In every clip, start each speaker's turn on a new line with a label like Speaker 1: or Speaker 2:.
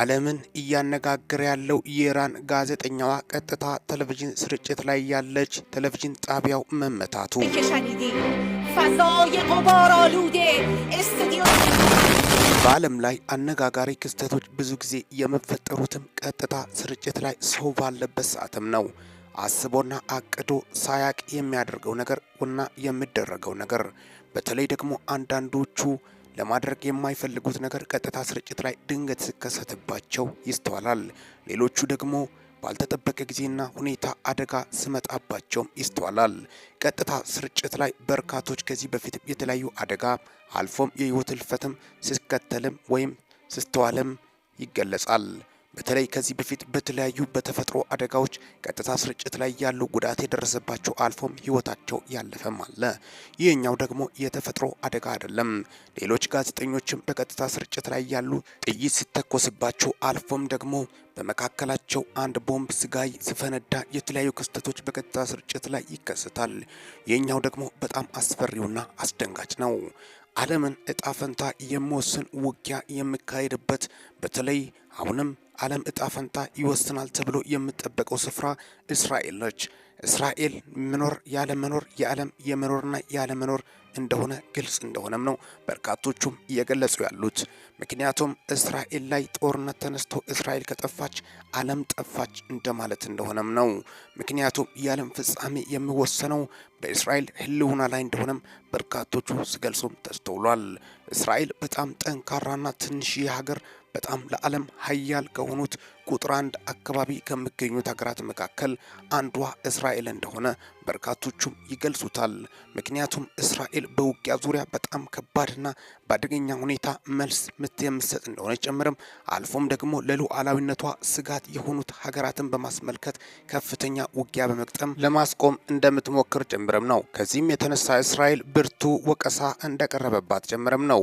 Speaker 1: ዓለምን እያነጋገረ ያለው የኢራን ጋዜጠኛዋ ቀጥታ ቴሌቪዥን ስርጭት ላይ ያለች ቴሌቪዥን ጣቢያው መመታቱ በዓለም ላይ አነጋጋሪ ክስተቶች ብዙ ጊዜ የሚፈጠሩትም ቀጥታ ስርጭት ላይ ሰው ባለበት ሰዓትም ነው። አስቦና አቅዶ ሳያቅ የሚያደርገው ነገር እና የሚደረገው ነገር በተለይ ደግሞ አንዳንዶቹ ለማድረግ የማይፈልጉት ነገር ቀጥታ ስርጭት ላይ ድንገት ሲከሰትባቸው ይስተዋላል። ሌሎቹ ደግሞ ባልተጠበቀ ጊዜና ሁኔታ አደጋ ስመጣባቸውም ይስተዋላል። ቀጥታ ስርጭት ላይ በርካቶች ከዚህ በፊት የተለያዩ አደጋ አልፎም የህይወት ህልፈትም ሲከተልም ወይም ሲስተዋልም ይገለጻል። በተለይ ከዚህ በፊት በተለያዩ በተፈጥሮ አደጋዎች ቀጥታ ስርጭት ላይ ያሉ ጉዳት የደረሰባቸው አልፎም ህይወታቸው ያለፈም አለ። ይህኛው ደግሞ የተፈጥሮ አደጋ አይደለም። ሌሎች ጋዜጠኞችም በቀጥታ ስርጭት ላይ ያሉ ጥይት ሲተኮስባቸው አልፎም ደግሞ በመካከላቸው አንድ ቦምብ ስጋይ ስፈነዳ የተለያዩ ክስተቶች በቀጥታ ስርጭት ላይ ይከሰታል። ይህኛው ደግሞ በጣም አስፈሪውና አስደንጋጭ ነው። ዓለምን እጣ ፈንታ የሚወስን ውጊያ የሚካሄድበት በተለይ አሁንም ዓለም እጣ ፈንታ ይወስናል ተብሎ የሚጠበቀው ስፍራ እስራኤል ነች። እስራኤል መኖር ያለመኖር፣ የዓለም የመኖርና ያለመኖር እንደሆነ ግልጽ እንደሆነም ነው በርካቶቹም እየገለጹ ያሉት። ምክንያቱም እስራኤል ላይ ጦርነት ተነስቶ እስራኤል ከጠፋች ዓለም ጠፋች እንደማለት እንደሆነም ነው። ምክንያቱም የዓለም ፍጻሜ የሚወሰነው በእስራኤል ሕልውና ላይ እንደሆነም በርካቶቹ ሲገልጹም ተስተውሏል። እስራኤል በጣም ጠንካራና ትንሽ ሀገር በጣም ለዓለም ሀያል ከሆኑት ቁጥር አንድ አካባቢ ከሚገኙት ሀገራት መካከል አንዷ እስራኤል እንደሆነ በርካቶቹም ይገልጹታል። ምክንያቱም እስራኤል በውጊያ ዙሪያ በጣም ከባድና በአደገኛ ሁኔታ መልስ ምት የምትሰጥ እንደሆነ ጨምርም አልፎም ደግሞ ለሉዓላዊነቷ ስጋት የሆኑት ሀገራትን በማስመልከት ከፍተኛ ውጊያ በመቅጠም ለማስቆም እንደምትሞክር ጭምርም ነው። ከዚህም የተነሳ እስራኤል ብርቱ ወቀሳ እንደቀረበባት ጭምርም ነው።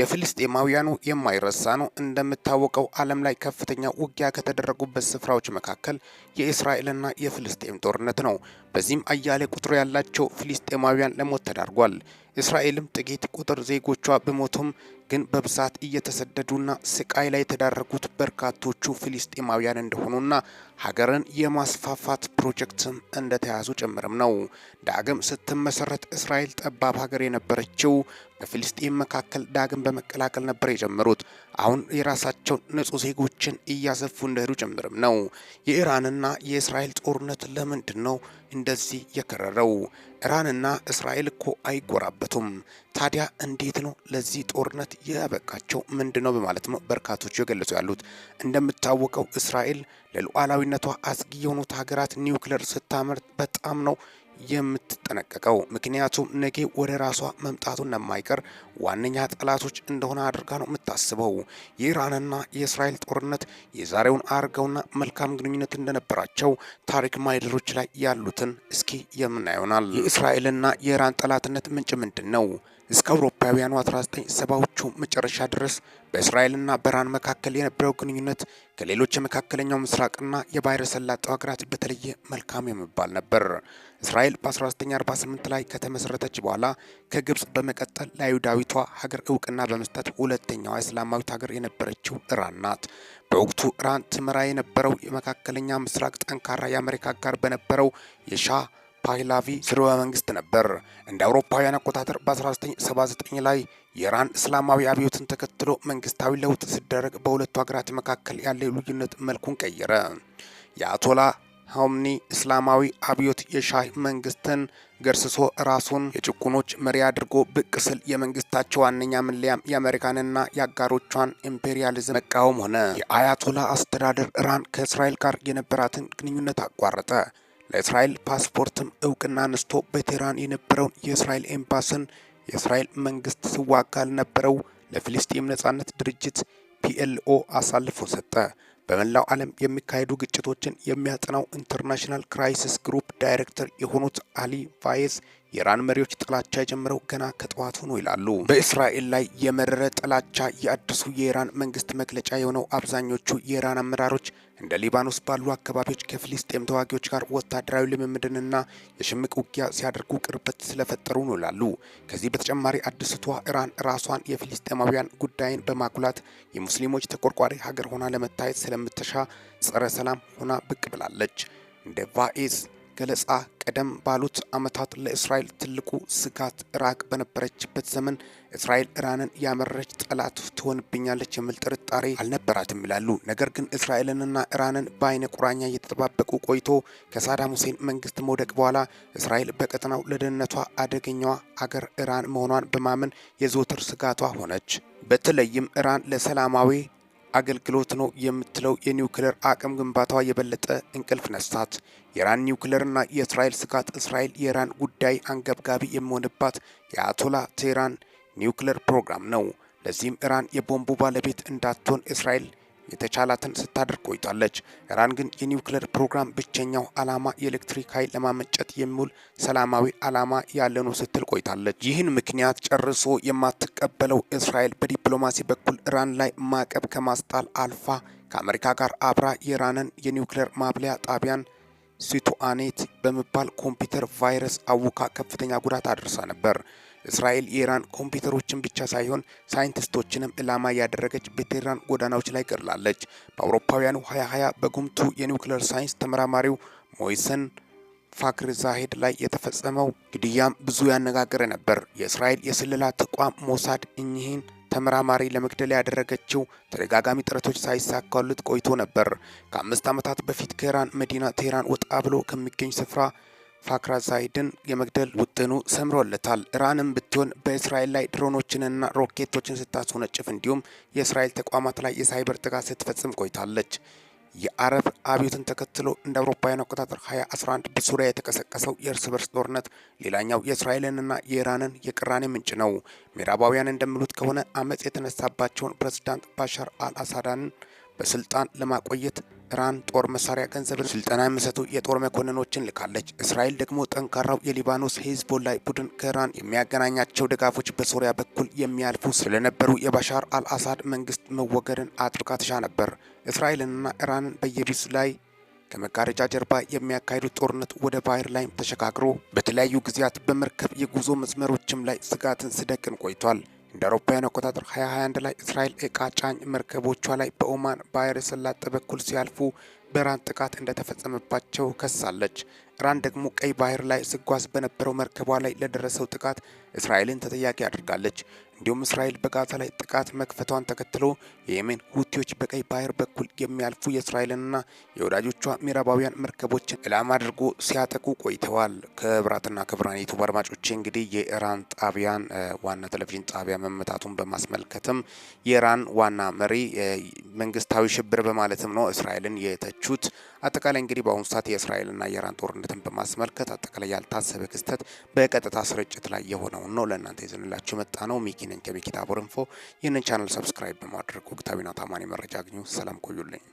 Speaker 1: የፊልስጤማውያኑ የማይረሳ ነው እንደ እንደምታወቀው ዓለም ላይ ከፍተኛ ውጊያ ከተደረጉበት ስፍራዎች መካከል የእስራኤልና የፍልስጤም ጦርነት ነው። በዚህም አያሌ ቁጥር ያላቸው ፊልስጤማውያን ለሞት ተዳርጓል። እስራኤልም ጥቂት ቁጥር ዜጎቿ ብሞቱም ግን በብዛት እየተሰደዱና ስቃይ ላይ የተዳረጉት በርካቶቹ ፊልስጤማውያን እንደሆኑና ሀገርን የማስፋፋት ፕሮጀክትም እንደተያዙ ጭምርም ነው። ዳግም ስትመሰረት እስራኤል ጠባብ ሀገር የነበረችው በፊልስጤም መካከል ዳግም በመቀላቀል ነበር የጀመሩት። አሁን የራሳቸውን ንጹህ ዜጎችን እያሰፉ እንደሄዱ ጭምርም ነው። የኢራንና የእስራኤል ጦርነት ለምንድን ነው እንደዚህ የከረረው? ኢራንና እስራኤል እኮ አይጎራበቱም። ታዲያ እንዴት ነው ለዚህ ጦርነት ያበቃቸው ምንድን ነው? በማለት ነው በርካቶቹ የገለጹ ያሉት። እንደምታወቀው እስራኤል ለሉዓላዊነቷ አስጊ የሆኑት ሀገራት ኒውክሌር ስታመርት በጣም ነው የምትጠነቀቀው ምክንያቱም ነገ ወደ ራሷ መምጣቱን እንደማይቀር ዋነኛ ጠላቶች እንደሆነ አድርጋ ነው የምታስበው። የኢራንና የእስራኤል ጦርነት የዛሬውን አርገውና መልካም ግንኙነት እንደነበራቸው ታሪክ ማይደሮች ላይ ያሉትን እስኪ የምናየውናል። የእስራኤልና የኢራን ጠላትነት ምንጭ ምንድን ነው? እስከ አውሮፓውያኑ 1970ዎቹ መጨረሻ ድረስ በእስራኤልና በኢራን መካከል የነበረው ግንኙነት ከሌሎች የመካከለኛው ምስራቅና የባሕረ ሰላጤው ሀገራት በተለየ መልካም የሚባል ነበር። እስራኤል በ1948 ላይ ከተመሰረተች በኋላ ከግብፅ በመቀጠል ለአይሁዳዊቷ ሀገር እውቅና በመስጠት ሁለተኛዋ እስላማዊት ሀገር የነበረችው ኢራን ናት። በወቅቱ ኢራን ትመራ የነበረው የመካከለኛ ምስራቅ ጠንካራ የአሜሪካ ጋር በነበረው የሻህ ፓህላቪ ስርወ መንግስት ነበር። እንደ አውሮፓውያን አቆጣጠር በ1979 ላይ የኢራን እስላማዊ አብዮትን ተከትሎ መንግስታዊ ለውጥ ሲደረግ በሁለቱ ሀገራት መካከል ያለ ልዩነት መልኩን ቀየረ። የአያቶላ ሆምኒ እስላማዊ አብዮት የሻህ መንግስትን ገርስሶ ራሱን የጭቁኖች መሪ አድርጎ ብቅ ስል የመንግስታቸው ዋነኛ መለያም የአሜሪካንና የአጋሮቿን ኢምፔሪያሊዝም መቃወም ሆነ። የአያቶላ አስተዳደር ኢራን ከእስራኤል ጋር የነበራትን ግንኙነት አቋረጠ። ለእስራኤል ፓስፖርትም እውቅና አንስቶ በቴህራን የነበረውን የእስራኤል ኤምባሲን የእስራኤል መንግስት ሲዋጋ ለነበረው ለፊልስጤም ነጻነት ድርጅት ፒኤልኦ አሳልፎ ሰጠ። በመላው ዓለም የሚካሄዱ ግጭቶችን የሚያጠናው ኢንተርናሽናል ክራይሲስ ግሩፕ ዳይሬክተር የሆኑት አሊ ቫየዝ የኢራን መሪዎች ጥላቻ የጀመረው ገና ከጠዋቱ ነው ይላሉ። በእስራኤል ላይ የመረረ ጥላቻ የአዲሱ የኢራን መንግስት መግለጫ የሆነው አብዛኞቹ የኢራን አመራሮች እንደ ሊባኖስ ባሉ አካባቢዎች ከፍልስጤም ተዋጊዎች ጋር ወታደራዊ ልምምድንና የሽምቅ ውጊያ ሲያደርጉ ቅርበት ስለፈጠሩ ነው ይላሉ። ከዚህ በተጨማሪ አዲስቷ ኢራን ራሷን የፍልስጤማውያን ጉዳይን በማጉላት የሙስሊሞች ተቆርቋሪ ሀገር ሆና ለመታየት ስለምትሻ ጸረ ሰላም ሆና ብቅ ብላለች። እንደ ቫኤዝ ገለጻ ቀደም ባሉት ዓመታት ለእስራኤል ትልቁ ስጋት ኢራቅ በነበረችበት ዘመን እስራኤል ኢራንን ያመረች ጠላት ትሆንብኛለች የሚል ጥርጣሬ አልነበራትም ይላሉ። ነገር ግን እስራኤልንና ኢራንን በአይነ ቁራኛ እየተጠባበቁ ቆይቶ ከሳዳም ሁሴን መንግስት መውደቅ በኋላ እስራኤል በቀጠናው ለደህንነቷ አደገኛዋ አገር ኢራን መሆኗን በማመን የዘወትር ስጋቷ ሆነች። በተለይም ኢራን ለሰላማዊ አገልግሎት ነው የምትለው የኒውክሌር አቅም ግንባታዋ የበለጠ እንቅልፍ ነስታት። የኢራን ኒውክሌርና የእስራኤል ስጋት እስራኤል የኢራን ጉዳይ አንገብጋቢ የሚሆንባት የአያቶላ ቴህራን ኒውክሌር ፕሮግራም ነው። ለዚህም ኢራን የቦምቡ ባለቤት እንዳትሆን እስራኤል የተቻላትን ስታደርግ ቆይታለች። ኢራን ግን የኒውክሌር ፕሮግራም ብቸኛው ዓላማ የኤሌክትሪክ ኃይል ለማመንጨት የሚውል ሰላማዊ ዓላማ ያለ ነው ስትል ቆይታለች። ይህን ምክንያት ጨርሶ የማትቀበለው እስራኤል በዲፕሎማሲ በኩል ኢራን ላይ ማዕቀብ ከማስጣል አልፋ ከአሜሪካ ጋር አብራ የኢራንን የኒውክሌር ማብለያ ጣቢያን ሲቱአኔት በመባል ኮምፒውተር ቫይረስ አውካ ከፍተኛ ጉዳት አድርሳ ነበር። እስራኤል የኢራን ኮምፒውተሮችን ብቻ ሳይሆን ሳይንቲስቶችንም ዕላማ ያደረገች በቴህራን ጎዳናዎች ላይ ገድላለች። በአውሮፓውያኑ 2020 በጉምቱ የኒውክሌር ሳይንስ ተመራማሪው ሞይሰን ፋክር ዛሄድ ላይ የተፈጸመው ግድያም ብዙ ያነጋገረ ነበር። የእስራኤል የስለላ ተቋም ሞሳድ እኚህን ተመራማሪ ለመግደል ያደረገችው ተደጋጋሚ ጥረቶች ሳይሳካሉት ቆይቶ ነበር። ከአምስት ዓመታት በፊት ከኢራን መዲና ቴህራን ወጣ ብሎ ከሚገኝ ስፍራ ፋክራ ዛይድን የመግደል ውጥኑ ሰምሮለታል። ኢራንም ብትሆን በእስራኤል ላይ ድሮኖችንና ሮኬቶችን ስታስወነጭፍ እንዲሁም የእስራኤል ተቋማት ላይ የሳይበር ጥቃት ስትፈጽም ቆይታለች። የአረብ አብዮትን ተከትሎ እንደ አውሮፓውያን አቆጣጠር 2011 በሱሪያ የተቀሰቀሰው የእርስ በርስ ጦርነት ሌላኛው የእስራኤልንና የኢራንን የቅራኔ ምንጭ ነው። ምዕራባውያን እንደሚሉት ከሆነ አመፅ የተነሳባቸውን ፕሬዝዳንት ባሻር አልአሳዳንን በስልጣን ለማቆየት ኢራን ጦር መሳሪያ፣ ገንዘብን፣ ስልጠና የሚሰጡ የጦር መኮንኖችን ልካለች። እስራኤል ደግሞ ጠንካራው የሊባኖስ ሂዝቦላ ቡድን ከኢራን የሚያገናኛቸው ድጋፎች በሶሪያ በኩል የሚያልፉ ስለነበሩ የባሻር አልአሳድ መንግስት መወገድን አጥብቃ ትሻ ነበር። እስራኤልንና ኢራንን በየቢስ ላይ ከመጋረጃ ጀርባ የሚያካሂዱት ጦርነት ወደ ባህር ላይ ተሸጋግሮ በተለያዩ ጊዜያት በመርከብ የጉዞ መስመሮችም ላይ ስጋትን ስደቅን ቆይቷል። እንደ አውሮፓውያን አቆጣጠር 2021 ላይ እስራኤል እቃ ጫኝ መርከቦቿ ላይ በኦማን ባህረ ሰላጤ በኩል ሲያልፉ በኢራን ጥቃት እንደተፈጸመባቸው ከሳለች። ኢራን ደግሞ ቀይ ባህር ላይ ስጓዝ በነበረው መርከቧ ላይ ለደረሰው ጥቃት እስራኤልን ተጠያቂ አድርጋለች። እንዲሁም እስራኤል በጋዛ ላይ ጥቃት መክፈቷን ተከትሎ የየመን ሁቲዎች በቀይ ባህር በኩል የሚያልፉ የእስራኤልንና የወዳጆቿ ምዕራባውያን መርከቦችን ዕላማ አድርጎ ሲያጠቁ ቆይተዋል። ክብራትና ክቡራን ዩቱብ እንግዲህ የኢራን ጣቢያን ዋና ቴሌቪዥን ጣቢያ መመታቱን በማስመልከትም የኢራን ዋና መሪ መንግስታዊ ሽብር በማለትም ነው እስራኤልን የተቹት። አጠቃላይ እንግዲህ በአሁኑ ሰዓት የእስራኤልና የኢራን ጦርነትን በማስመልከት አጠቃላይ ያልታሰበ ክስተት በቀጥታ ስርጭት ላይ የሆነውን ነው ለእናንተ ይዘንላችሁ መጣ ነው ሚኪ ነኝ ከቤኪታ ቦረንፎ። ይህንን ቻናል ሰብስክራይብ በማድረግ ወቅታዊና ታማኒ መረጃ አግኙ። ሰላም ቆዩልኝ።